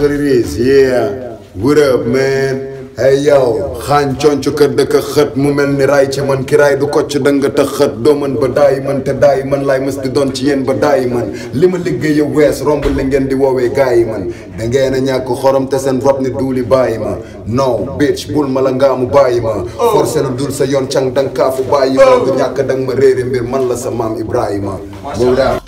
Paris yeah Europe man hey yow xaañ conc kër dëkk xët mu mel ni raay ci man ki raay du kocc dëng te xët doo mën ba daay man te daay man laay mës di doon ci yéen ba daay man li ma liggéey wees romb li ngeen di woowee gaay yi man da ngeen a ñàkk xorom te seen rob ni duuli bàyyi ma no bitch bul ma la ngaamu bàyyi ma forcé la dul sa yoon càng danga kaafu bàyyi ma du ñàkk danga ma réere mbir man la sa maam Ibrahima boobu daal